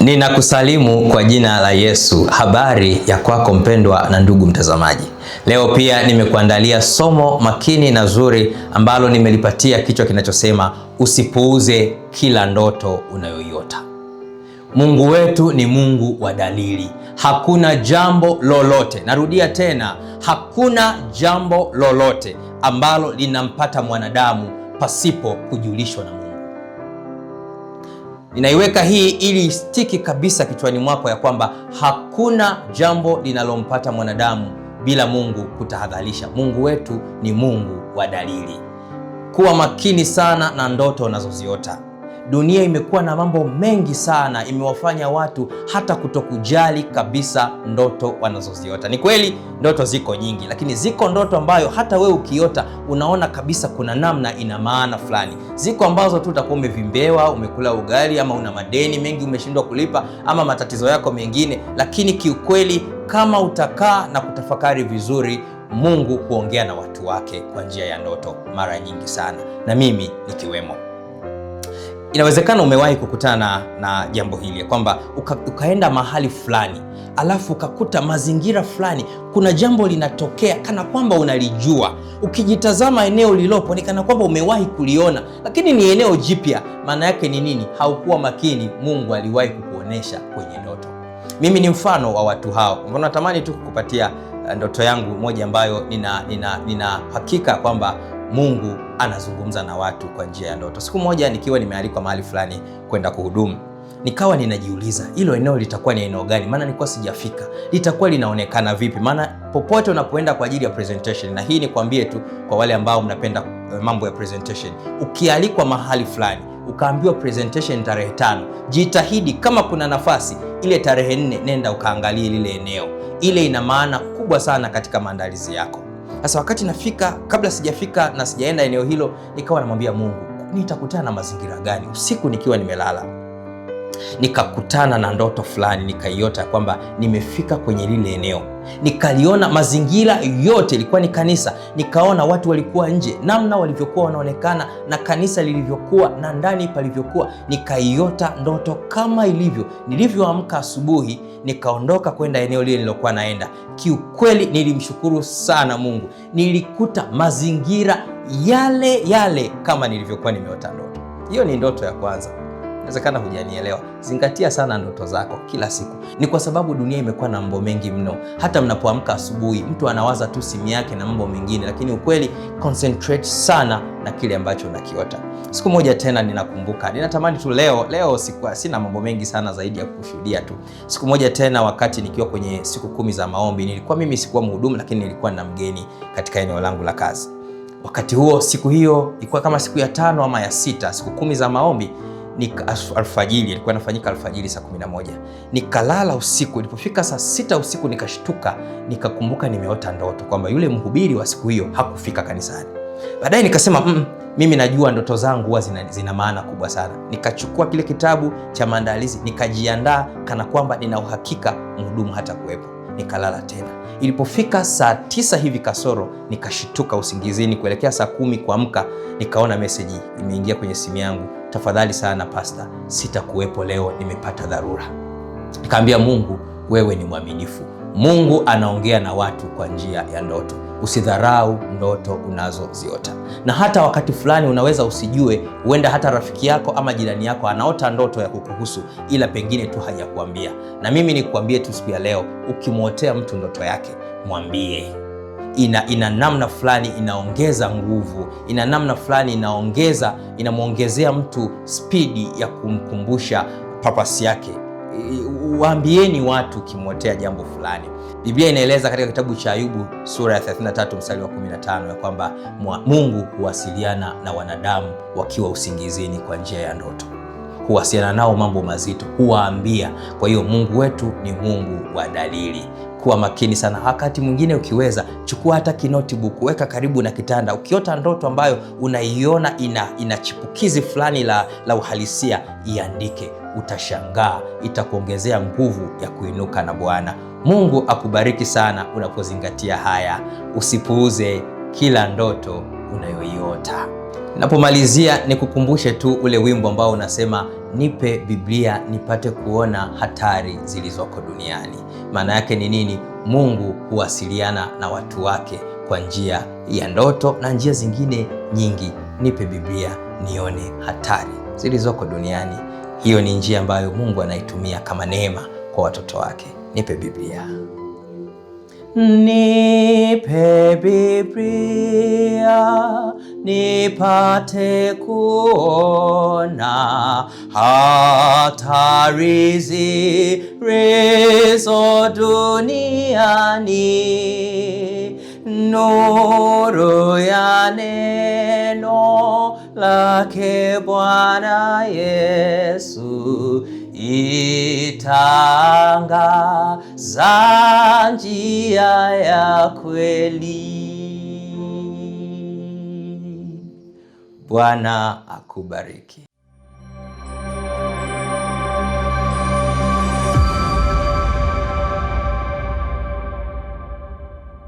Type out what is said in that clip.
Ninakusalimu kwa jina la Yesu. Habari ya kwako mpendwa na ndugu mtazamaji. Leo pia nimekuandalia somo makini na zuri ambalo nimelipatia kichwa kinachosema usipuuze kila ndoto unayoiota. Mungu wetu ni Mungu wa dalili. Hakuna jambo lolote, narudia tena, hakuna jambo lolote ambalo linampata mwanadamu pasipo kujulishwa na Ninaiweka hii ili istiki kabisa kichwani mwako ya kwamba hakuna jambo linalompata mwanadamu bila Mungu kutahadharisha. Mungu wetu ni Mungu wa dalili. Kuwa makini sana na ndoto unazoziota. Dunia imekuwa na mambo mengi sana, imewafanya watu hata kutokujali kabisa ndoto wanazoziota. Ni kweli ndoto ziko nyingi, lakini ziko ndoto ambayo hata wewe ukiota unaona kabisa kuna namna, ina maana fulani. Ziko ambazo tu utakuwa umevimbewa, umekula ugali ama una madeni mengi umeshindwa kulipa, ama matatizo yako mengine, lakini kiukweli, kama utakaa na kutafakari vizuri, Mungu huongea na watu wake kwa njia ya ndoto mara nyingi sana, na mimi nikiwemo. Inawezekana umewahi kukutana na jambo hili kwamba uka, ukaenda mahali fulani alafu ukakuta mazingira fulani kuna jambo linatokea kana kwamba unalijua. Ukijitazama eneo lilopo ni kana kwamba umewahi kuliona, lakini ni eneo jipya. Maana yake ni nini? Haukuwa makini, Mungu aliwahi kukuonesha kwenye ndoto. Mimi ni mfano wa watu hao. Mbona natamani tu kukupatia eh, ndoto yangu moja ambayo nina, nina, nina hakika kwamba Mungu anazungumza na watu kwa njia ya ndoto. Siku moja nikiwa nimealikwa mahali fulani kwenda kuhudumu, nikawa ninajiuliza hilo eneo litakuwa ni eneo gani, maana nilikuwa sijafika, litakuwa linaonekana vipi? Maana popote unapoenda kwa ajili ya presentation, na hii nikwambie tu kwa wale ambao mnapenda eh, mambo ya presentation, ukialikwa mahali fulani ukaambiwa presentation tarehe tano, jitahidi kama kuna nafasi ile tarehe nne, nenda ukaangalie lile eneo. Ile ina maana kubwa sana katika maandalizi yako. Sasa wakati nafika, kabla sijafika na sijaenda eneo hilo, nikawa namwambia Mungu, nitakutana na mazingira gani usiku nikiwa nimelala nikakutana na ndoto fulani nikaiota kwamba nimefika kwenye lile eneo, nikaliona mazingira yote, ilikuwa ni kanisa. Nikaona watu walikuwa nje, namna walivyokuwa wanaonekana na kanisa lilivyokuwa na ndani palivyokuwa. Nikaiota ndoto kama ilivyo. Nilivyoamka asubuhi, nikaondoka kwenda eneo lile nilokuwa naenda. Kiukweli nilimshukuru sana Mungu, nilikuta mazingira yale yale kama nilivyokuwa nimeota ndoto hiyo. Ni ndoto ya kwanza inawezekana hujanielewa. Zingatia sana ndoto zako kila siku, ni kwa sababu dunia imekuwa na mambo mengi mno. Hata mnapoamka asubuhi, mtu anawaza tu simu yake na mambo mengine, lakini ukweli, concentrate sana na kile ambacho unakiota. Siku moja tena, ninakumbuka ninatamani tu leo leo, siku sina mambo mengi sana zaidi ya kushuhudia tu. Siku moja tena, wakati nikiwa kwenye siku kumi za maombi, nilikuwa mimi sikuwa mhudumu, lakini nilikuwa na mgeni katika eneo langu la kazi. Wakati huo siku hiyo ilikuwa kama siku ya tano ama ya sita, siku kumi za maombi alfajiri, ilikuwa inafanyika alfajiri saa 11. Nikalala usiku, ilipofika saa sita usiku nikashtuka, nikakumbuka nimeota ndoto kwamba yule mhubiri wa siku hiyo hakufika kanisani. Baadaye nikasema mm, mimi najua ndoto zangu huwa zina, zina maana kubwa sana. Nikachukua kile kitabu cha maandalizi nikajiandaa kana kwamba nina uhakika mhudumu hata kuwepo. Nikalala tena. Ilipofika saa tisa hivi kasoro, nikashituka usingizini kuelekea saa kumi kuamka, nikaona meseji imeingia kwenye simu yangu tafadhali sana pasta, sitakuwepo leo, nimepata dharura. Nikaambia Mungu, wewe ni mwaminifu. Mungu anaongea na watu kwa njia ya ndoto. Usidharau ndoto unazoziota, na hata wakati fulani unaweza usijue, huenda hata rafiki yako ama jirani yako anaota ndoto ya kukuhusu, ila pengine tu hajakuambia. Na mimi nikuambie tu siku ya leo, ukimwotea mtu ndoto yake, mwambie ina, ina namna fulani inaongeza nguvu, ina namna fulani inaongeza, inamwongezea mtu spidi ya kumkumbusha papasi yake. Waambieni watu ukimwotea jambo fulani. Biblia inaeleza katika kitabu cha Ayubu sura ya 33 mstari wa 15 ya kwamba Mungu huwasiliana na wanadamu wakiwa usingizini kwa njia ya ndoto, huwasiliana nao mambo mazito, huwaambia. Kwa hiyo Mungu wetu ni Mungu wa dalili kuwa makini sana. Wakati mwingine ukiweza, chukua hata kinotibuku, weka karibu na kitanda. Ukiota ndoto ambayo unaiona ina, ina chipukizi fulani la, la uhalisia, iandike. Utashangaa, itakuongezea nguvu ya kuinuka na Bwana Mungu akubariki sana unapozingatia haya. Usipuuze kila ndoto unayoiota. Napomalizia nikukumbushe tu ule wimbo ambao unasema nipe Biblia nipate kuona hatari zilizoko duniani. Maana yake ni nini? Mungu huwasiliana na watu wake kwa njia ya ndoto na njia zingine nyingi. Nipe Biblia nione hatari zilizoko duniani. Hiyo ni njia ambayo Mungu anaitumia kama neema kwa watoto wake. Nipe Biblia. Nipe Biblia nipate kuona hatari zilizo duniani, nuru ya neno lake Bwana Yesu itanga za njia ya kweli. Bwana akubariki.